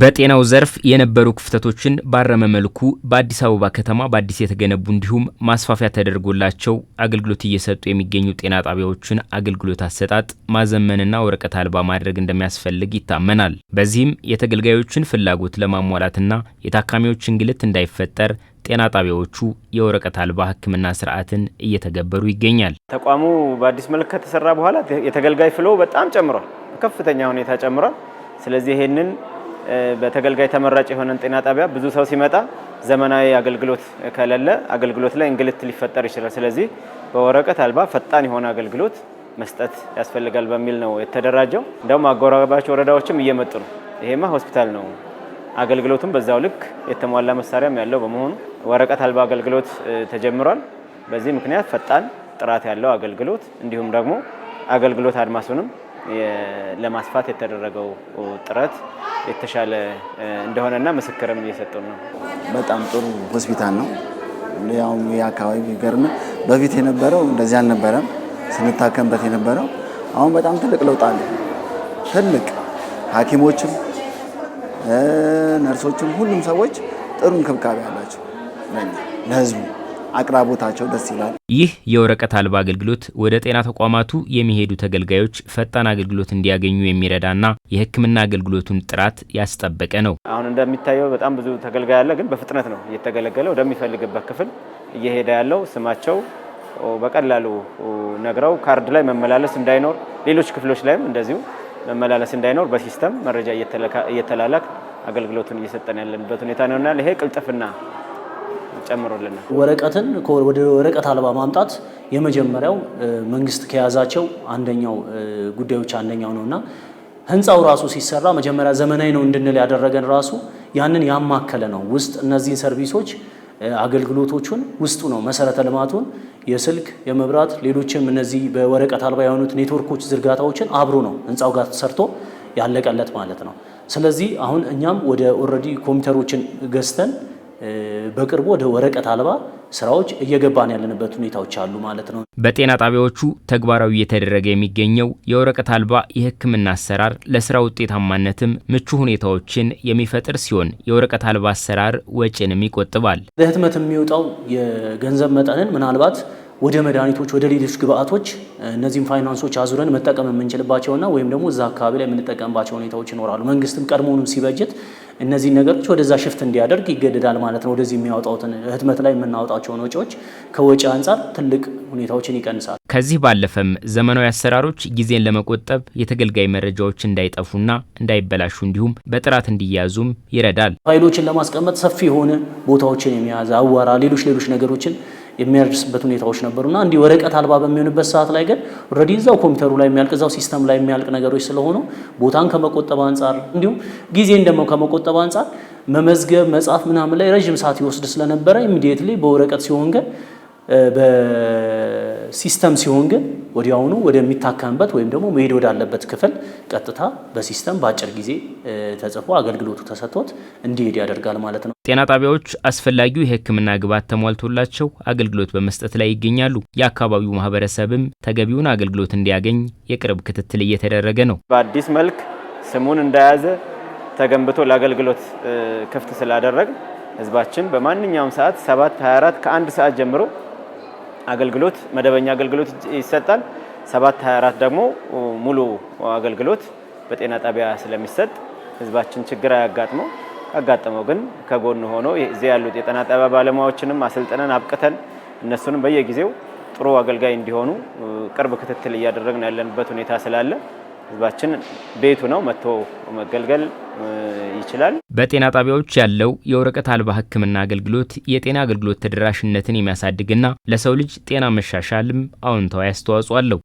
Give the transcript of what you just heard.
በጤናው ዘርፍ የነበሩ ክፍተቶችን ባረመ መልኩ በአዲስ አበባ ከተማ በአዲስ የተገነቡ እንዲሁም ማስፋፊያ ተደርጎላቸው አገልግሎት እየሰጡ የሚገኙ ጤና ጣቢያዎችን አገልግሎት አሰጣጥ ማዘመንና ወረቀት አልባ ማድረግ እንደሚያስፈልግ ይታመናል። በዚህም የተገልጋዮችን ፍላጎት ለማሟላትና የታካሚዎች እንግልት እንዳይፈጠር ጤና ጣቢያዎቹ የወረቀት አልባ ሕክምና ስርዓትን እየተገበሩ ይገኛል። ተቋሙ በአዲስ መልክ ከተሰራ በኋላ የተገልጋይ ፍሎ በጣም ጨምሯል፣ ከፍተኛ ሁኔታ ጨምሯል። ስለዚህ ይሄንን በተገልጋይ ተመራጭ የሆነን ጤና ጣቢያ ብዙ ሰው ሲመጣ ዘመናዊ አገልግሎት ከሌለ አገልግሎት ላይ እንግልት ሊፈጠር ይችላል። ስለዚህ በወረቀት አልባ ፈጣን የሆነ አገልግሎት መስጠት ያስፈልጋል በሚል ነው የተደራጀው። እንደውም አጎራባች ወረዳዎችም እየመጡ ነው። ይሄማ ሆስፒታል ነው፣ አገልግሎቱም በዛው ልክ የተሟላ መሳሪያም ያለው በመሆኑ ወረቀት አልባ አገልግሎት ተጀምሯል። በዚህ ምክንያት ፈጣን ጥራት ያለው አገልግሎት እንዲሁም ደግሞ አገልግሎት አድማሱንም ለማስፋት የተደረገው ጥረት የተሻለ እንደሆነና ምስክርም እየሰጡን ነው። በጣም ጥሩ ሆስፒታል ነው። ያው የአካባቢ ቢገርም በፊት የነበረው እንደዚህ አልነበረም። ስንታከምበት የነበረው አሁን በጣም ትልቅ ለውጥ አለ። ትልቅ ሐኪሞችም ነርሶችም ሁሉም ሰዎች ጥሩ እንክብካቤ አላቸው ለህዝቡ አቅራቦታቸው ደስ ይላል። ይህ የወረቀት አልባ አገልግሎት ወደ ጤና ተቋማቱ የሚሄዱ ተገልጋዮች ፈጣን አገልግሎት እንዲያገኙ የሚረዳና የሕክምና አገልግሎቱን ጥራት ያስጠበቀ ነው። አሁን እንደሚታየው በጣም ብዙ ተገልጋይ አለ፣ ግን በፍጥነት ነው እየተገለገለ ወደሚፈልግበት ክፍል እየሄደ ያለው። ስማቸው በቀላሉ ነግረው ካርድ ላይ መመላለስ እንዳይኖር፣ ሌሎች ክፍሎች ላይም እንደዚሁ መመላለስ እንዳይኖር በሲስተም መረጃ እየተላላክ አገልግሎቱን እየሰጠን ያለንበት ሁኔታ ነውና ይሄ ቅልጥፍና ጨምሮልናል። ወረቀትን ወደ ወረቀት አልባ ማምጣት የመጀመሪያው መንግስት ከያዛቸው አንደኛው ጉዳዮች አንደኛው ነው እና ህንፃው ራሱ ሲሰራ መጀመሪያ ዘመናዊ ነው እንድንል ያደረገን ራሱ ያንን ያማከለ ነው። ውስጥ እነዚህን ሰርቪሶች አገልግሎቶቹን ውስጡ ነው መሰረተ ልማቱን የስልክ፣ የመብራት፣ ሌሎችም እነዚህ በወረቀት አልባ የሆኑት ኔትወርኮች ዝርጋታዎችን አብሮ ነው ህንፃው ጋር ተሰርቶ ያለቀለት ማለት ነው። ስለዚህ አሁን እኛም ወደ ኦልሬዲ ኮምፒውተሮችን ገዝተን በቅርቡ ወደ ወረቀት አልባ ስራዎች እየገባን ያለንበት ሁኔታዎች አሉ ማለት ነው። በጤና ጣቢያዎቹ ተግባራዊ እየተደረገ የሚገኘው የወረቀት አልባ የሕክምና አሰራር ለስራ ውጤታማነትም ምቹ ሁኔታዎችን የሚፈጥር ሲሆን የወረቀት አልባ አሰራር ወጪንም ይቆጥባል። ለህትመት የሚወጣው የገንዘብ መጠንን ምናልባት ወደ መድኃኒቶች፣ ወደ ሌሎች ግብአቶች እነዚህም ፋይናንሶች አዙረን መጠቀም የምንችልባቸውና ወይም ደግሞ እዛ አካባቢ ላይ የምንጠቀምባቸው ሁኔታዎች ይኖራሉ። መንግስትም ቀድሞውንም ሲበጀት እነዚህ ነገሮች ወደዛ ሽፍት እንዲያደርግ ይገደዳል ማለት ነው። ወደዚህ የሚያወጣውትን ህትመት ላይ የምናወጣቸውን ወጪዎች ከወጪ አንጻር ትልቅ ሁኔታዎችን ይቀንሳል። ከዚህ ባለፈም ዘመናዊ አሰራሮች ጊዜን ለመቆጠብ የተገልጋይ መረጃዎች እንዳይጠፉና እንዳይበላሹ እንዲሁም በጥራት እንዲያዙም ይረዳል። ፋይሎችን ለማስቀመጥ ሰፊ የሆነ ቦታዎችን የሚያዝ አዋራ፣ ሌሎች ሌሎች ነገሮችን የሚያደርስበት ሁኔታዎች ነበሩና እንዲህ ወረቀት አልባ በሚሆንበት ሰዓት ላይ ግን ኦልሬዲ እዛው ኮምፒውተሩ ላይ የሚያልቅ እዛው ሲስተም ላይ የሚያልቅ ነገሮች ስለሆኑ ቦታን ከመቆጠብ አንጻር እንዲሁም ጊዜን ደግሞ ከመቆጠብ አንጻር መመዝገብ፣ መጻፍ ምናምን ላይ ረዥም ሰዓት ይወስድ ስለነበረ ኢሚዲየትሊ በወረቀት ሲሆን ግን በሲስተም ሲሆን ግን ወዲያውኑ ወደሚታከምበት ወይም ደግሞ መሄድ ወዳለበት ክፍል ቀጥታ በሲስተም በአጭር ጊዜ ተጽፎ አገልግሎቱ ተሰጥቶት እንዲሄድ ያደርጋል ማለት ነው። ጤና ጣቢያዎች አስፈላጊው የሕክምና ግብዓት ተሟልቶላቸው አገልግሎት በመስጠት ላይ ይገኛሉ። የአካባቢው ማህበረሰብም ተገቢውን አገልግሎት እንዲያገኝ የቅርብ ክትትል እየተደረገ ነው። በአዲስ መልክ ስሙን እንደያዘ ተገንብቶ ለአገልግሎት ክፍት ስላደረግ ህዝባችን በማንኛውም ሰዓት 7 24 ከአንድ ሰዓት ጀምሮ አገልግሎት መደበኛ አገልግሎት ይሰጣል። 724 ደግሞ ሙሉ አገልግሎት በጤና ጣቢያ ስለሚሰጥ ህዝባችን ችግር አያጋጥመው። አጋጥመው ግን ከጎን ሆኖ እዚህ ያሉት የጤና ጣቢያ ባለሙያዎችንም አሰልጥነን አብቅተን እነሱንም በየጊዜው ጥሩ አገልጋይ እንዲሆኑ ቅርብ ክትትል እያደረግን ያለንበት ሁኔታ ስላለ ህዝባችን ቤቱ ነው መጥቶ መገልገል ይችላል። በጤና ጣቢያዎች ያለው የወረቀት አልባ ህክምና አገልግሎት የጤና አገልግሎት ተደራሽነትን የሚያሳድግና ለሰው ልጅ ጤና መሻሻልም አዎንታዊ አስተዋጽኦ አለው።